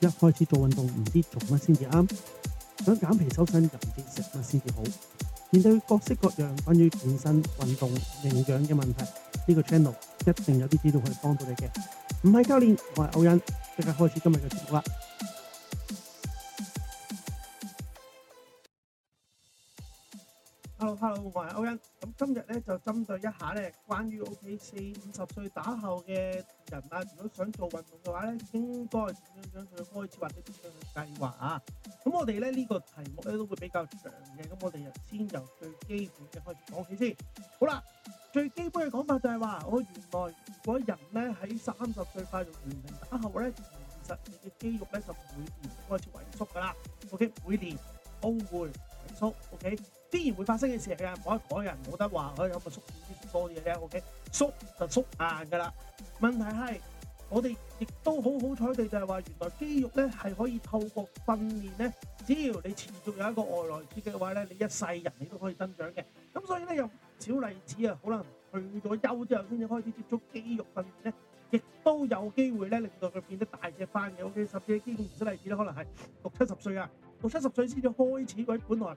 一開始做運動唔知做乜先至啱，想減皮修身又唔知食乜先至好，面對各式各樣關於健身、運動、營養嘅問題，呢個 channel 一定有啲指導可以幫到你嘅。唔係教練，我係歐恩，即刻開始今日嘅節目啦！hello hello，我係歐恩。咁今日咧就針對一下咧，關於 O.K. 四五十歲打後嘅人啊，如果想做運動嘅話咧，應該點樣點樣去開始或者點樣去計劃啊？咁我哋咧呢個題目咧都會比較長嘅。咁我哋又先由最基本嘅開始講起先。好啦，最基本嘅講法就係話，我原來如果人咧喺三十歲快到年齡打後咧，其實你嘅肌肉咧就每年開始萎縮噶啦。O.K. 每年都會萎縮。O.K. 必然會發生嘅事啊！唔可以講人，冇得話佢有冇縮短啲多嘢咧？OK，縮就縮硬噶啦。問題係我哋亦都好好彩地，就係話原來肌肉咧係可以透過訓練咧，只要你持續有一個外來刺激嘅話咧，你一世人你都可以增長嘅。咁所以咧，有少例子啊，可能退咗休之後先至開始接觸肌肉訓練咧,亦都有機會咧令到佢變得大隻翻嘅。OK，甚至係肌肉唔少例子咧，可能係六七十歲啊，六七十歲先至開始，佢本來。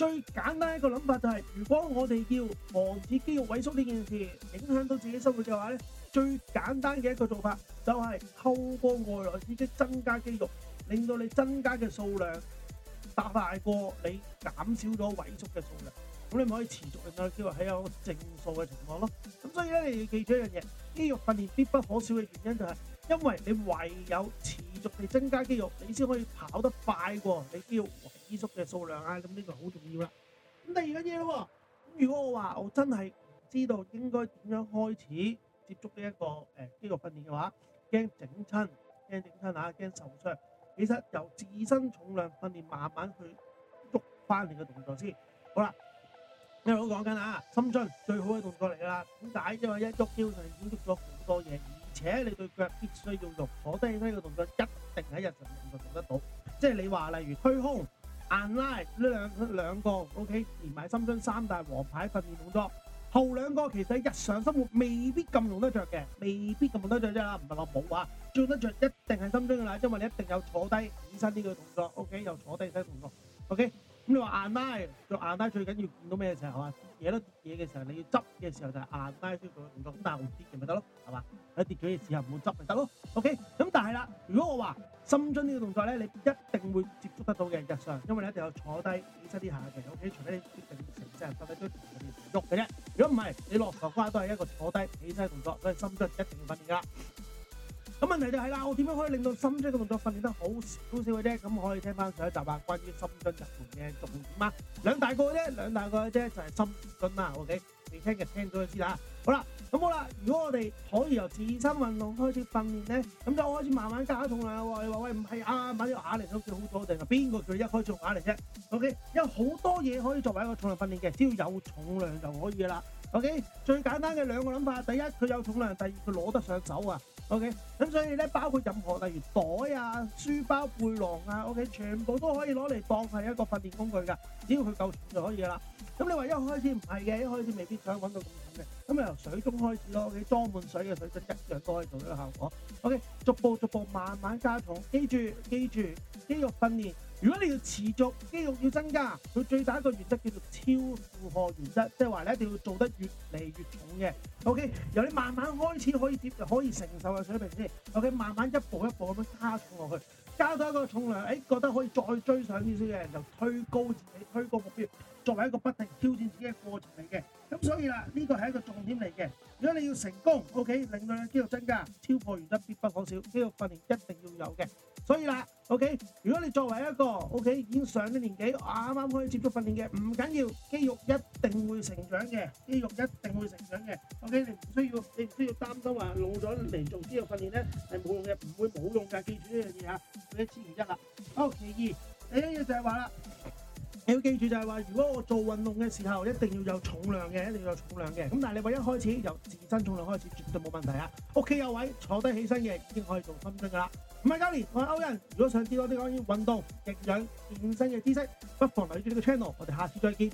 最簡單一個諗法就係，如果我哋要防止肌肉萎縮呢件事影響到自己生活嘅話咧，最簡單嘅一個做法就係透過外來刺激增加肌肉，令到你增加嘅數量大大過你減少咗萎縮嘅數量，咁你咪可以持續令到肌肉喺有正數嘅情況咯。咁所以咧，你要記住一樣嘢，肌肉訓練必不可少嘅原因就係，因為你唯有持續地增加肌肉，你先可以跑得快過你肌肉。支縮嘅數量啊，咁呢個好重要啦。咁第二樣嘢咯，咁如果我話我真係唔知道應該點樣開始接觸呢一個誒肌肉訓練嘅話，驚整親，驚整親啊，驚受傷。其實由自身重量訓練慢慢去喐翻你嘅動作先。好啦，因為我講緊啦，深蹲最好嘅動作嚟噶啦，點解？因為一喐腰就已經喐咗好多嘢，而且你對腳必須要喐，坐低低嘅動作一定喺日常運動做得到。即係你話例如推胸。硬拉呢兩兩個，兩個，OK，連埋深蹲三大王牌訓練動作。後兩個其實日常生活未必咁用得着嘅，未必咁用得着啫啦，唔係話冇話，用得着一定係深蹲噶啦，因為你一定有坐低起身呢個動作，OK，又坐低嗰啲動作，OK。咁你話硬拉，做硬拉最緊要見到咩時候？就係哇，跌咯，跌嘅時候，你要執嘅時候就係硬拉呢個動作。但係唔跌嘅咪得咯，係嘛？喺跌嘅時候唔好執咪得咯。OK，咁但係啦，如果我話深蹲呢個動作咧，你一定會接觸得到嘅日常，因為你一定有坐低起身啲下嘅。OK，除非你一定成世人發起堆喺度喐嘅啫。如果唔係，你落球瓜都係一個坐低起身動作，所以深蹲一定要訓練㗎。咁問題就係啦，我點樣可以令到深蹲嘅動作訓練得好少少嘅啫？咁可以聽返上一集啊，關於深蹲入門嘅重點啊，兩大個嘅啫，兩大個嘅啫就係深蹲啦。OK，你聽日聽咗就知啦。好啦，咁好啦，如果我哋可以由自身運動開始訓練呢，咁就可以慢慢加重量喎。你話喂，唔係啊，買啲啞鈴好似好左定，係邊個叫你一開始用啞鈴啫？OK，有好多嘢可以作為一個重量訓練嘅，只要有重量就可以噶啦。O.K. 最簡單嘅兩個諗法，第一佢有重量，第二佢攞得上手啊。O.K. 咁所以呢，包括任何例如袋啊、書包、背囊啊，O.K. 全部都可以攞嚟當係一個訓練工具㗎，只要佢夠重就可以㗎啦。咁你話一開始唔係嘅，一開始未必想搵到咁重嘅。咁由水中開始咯，你、okay? 裝滿水嘅水樽一樣都可以做到效果。O.K. 逐步逐步慢慢加重，記住記住肌肉訓練。如果你要持續肌肉要增加，佢最大一個原則叫做超負荷原則，即係話你一定要做得越嚟越重嘅。OK，由你慢慢開始可以接受，可以承受嘅水平先。OK，慢慢一步一步咁樣加重落去，加多一個重量，哎、覺得可以再追上少少嘅人，就推高自己，推高目標，作為一個不停挑戰自己嘅過程嚟嘅。咁所以啦，呢個係一個重點嚟嘅。如果你要成功，OK，令到你肌肉增加，超負荷原則必不可少，肌肉訓練一定要有嘅。所以啦，OK，如果你作為一個 OK 已經上咗年紀，啱啱可以接觸訓練嘅，唔緊要，肌肉一定會成長嘅，肌肉一定會成長嘅。OK，你唔需要，你唔需要擔心話老咗嚟，做肌肉訓練咧係冇用嘅，唔會冇用噶。記住呢樣嘢吓，記得千二一啦。OK，二，第一樣就係話啦，你要記住就係話，如果我做運動嘅時候，一定要有重量嘅，一定要有重量嘅。咁但係你話一開始由自身重量開始，絕對冇問題啊。屋企有位坐低起身嘅，已經可以做深蹲噶啦。我係嘉年，我係歐人。如果想知多啲關於運動、營養、健身嘅知識，不妨留意呢個 channel。我哋下次再見。